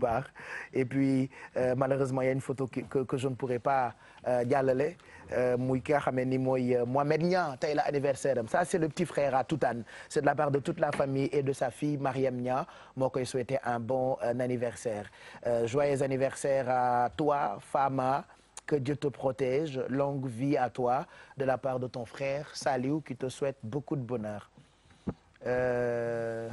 baax et puis euh, malheureusement il y a une photo que que, que je ne pourrais pas euh, jàllale euh, muy ki nga xam ne ni mooy euh, Mohamed Niang tey la anniversaire am ça c'est le petit frère à Toutane c'est de la part de toute la famille et de sa fille Mariam Niang moo koy souhaiter un bon un anniversaire joyeux anniversaire à toi Fama que Dieu te protège longue vie à toi de la part de ton frère Saliou qui te souhaite beaucoup de bonheur euh...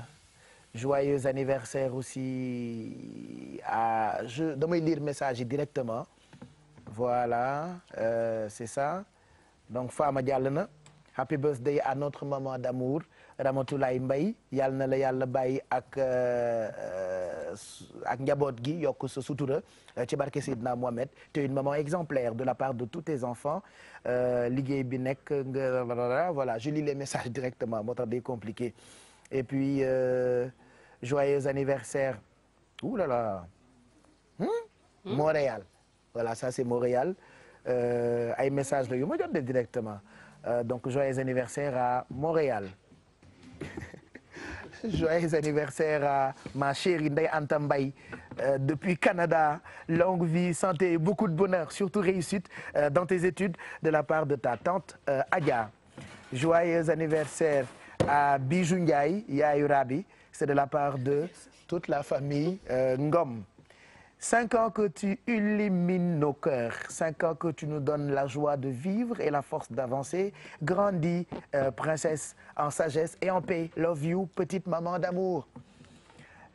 joyeux anniversaire aussi à je damay lire message directement voilà euh, c'est ça donc Fama jàll na happy birthday à notre maman d'amour Ramatoulaye mbay yàlla na la yàlla bàyyi ak euh, euh, ak njaboot gi yokk sa sutura euh, ci barke Seydina Mohamed tu es une maman exemplaire de la part de tous tes enfants liggéey bi nekk nga voilà je lis les messages directement moo tax day compliqué et puis joyeux anniversaire ouh là là hmm? Hmm? Montréal voilà ça c'est Montréal euh, ay message la yu ma jot de directement euh, donc joyeux anniversaire à Montréal joyeux anniversaire à ma chérie Ndeye Anta Mbaye euh, depuis Canada longue vie santé et beaucoup de bonheur surtout réussite euh, dans tes études de la part de ta tante euh, Adia joyeux anniversaire à Bijou Ndiaye yaayu Rabi c'est de la part de toute la famille euh, Ngom cinq ans que tu illumines nos cœurs cinq ans que tu nous donnes la joie de vivre et la force d'avancer grandis euh, princesse en sagesse et en paix love you petite maman d'amour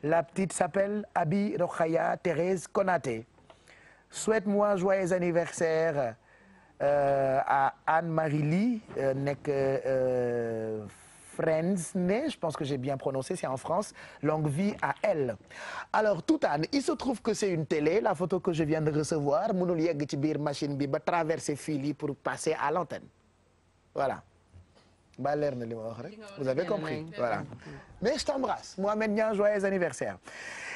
la petite s'appelle Abi Rokhaya Thérèse Konaté souhaite joyeux anniversaire euh, à Anne-Marie euh, Frenzné, je pense que j'ai bien prononcé, c'est en France, longue vie à elle. Alors Toutane, il se trouve que c'est une télé, la photo que je viens de recevoir, mënul yegg ci biir machine bi ba traverser fil yi pour passer à l'antenne. Voilà. ba leer na li ma wax rek vous avez compris voilà mais je t'embrasse Mohamed Niang joyeux anniversaire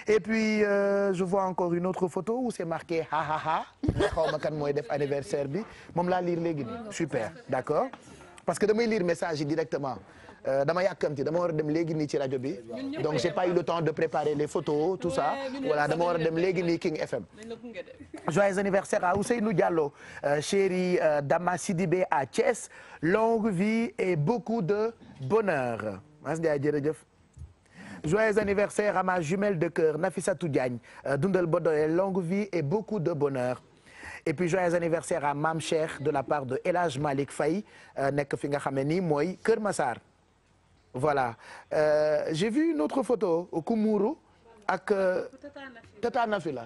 et puis euh, je vois encore une autre photo où c'est marqué ha ha ma kan mooy def anniversaire bi moom laa lire léegi super d'accord parce que damay lire message Euh, dama yàkkamti dama war a dem léegi nii ci rajo bi donc j'ai pas eu le temps de préparer les photos tout ça voilà dama war a dem léegi nii King FM joyeux anniversaire à Ousseynou Diallo euh, chéri euh, Dama Sidibé à Thiès longue vie et beaucoup de bonheur Mas Ndiaye jërëjëf joyeux anniversaire à de cœur Nafissatou Diagne dundal ba doyal longue vie et de bonheur et puis joyeux anniversaire à Mame Cheikh de la part de El Hadj Malick Faye nekk fi nga xam ne nii mooy Kër Massar voilà euh, j'ai vu une autre photo Kumuru ak euh, Tata Nafila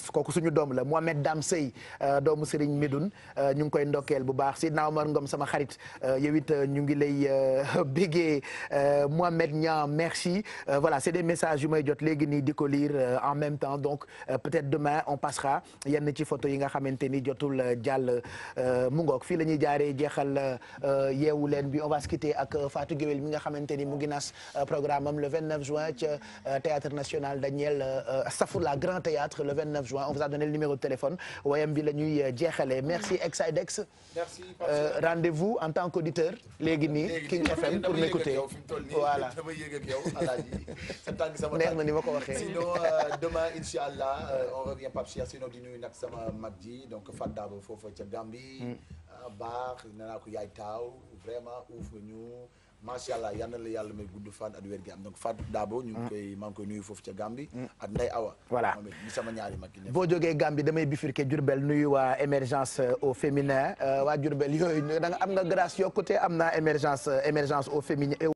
kooku suñu doom la Mohamed Dam Sey euh, doomu Serigne Medoune euh, ñu ngi koy ndokkeel bu baax Sidna Omar Ngom sama xarit euh, yow it ñu ngi lay bégee Mohamed Niang merci voilà c'est des messages yu may jot léegi nii di ko lire en même temps donc peut-être demain on passera yenn ci photo yi nga xamante ni jotul jàll mu ngoog fi la ñuy jaaree jeexal yeewu leen bi on va se quitter ak Fatou Guewel mi nga xamante mu ngi nas programme am le 29 juin ca théâtre national Daniel 19 juin on vous a donné le numéro de téléphone wayam bi la ñuy euh, jeexalee merci Exidex merci euh, rendez-vous en tant qu'auditeur léegi nii King FM pour m'écouter voilà dama yëg ak yow alaaji sama neex na ni ma ko waxee sinon euh, demain inchallah on revient Pape Cheikh sinon di nuyu nag sama mag ji donc Fadda ba foofu ca Gambie mm. ah, baax nee naa ko yaay taaw vraiment uuf nga ñu macha allah yal na la yàlla may gudd fan at wér gi am donc Fatou Dabo ñu ngi koy maa ngi koy nuyu foofu ca Gambie ak Ndeye Awa voilà moom it ñi sama ñaari mag yi boo jógee Gambie damay bifurquer Diourbel nuyu waa émergence euh, au féminin euh, waa Diourbel yooyu da nga am nga grâce yokkute am na émergence euh, émergence au féminin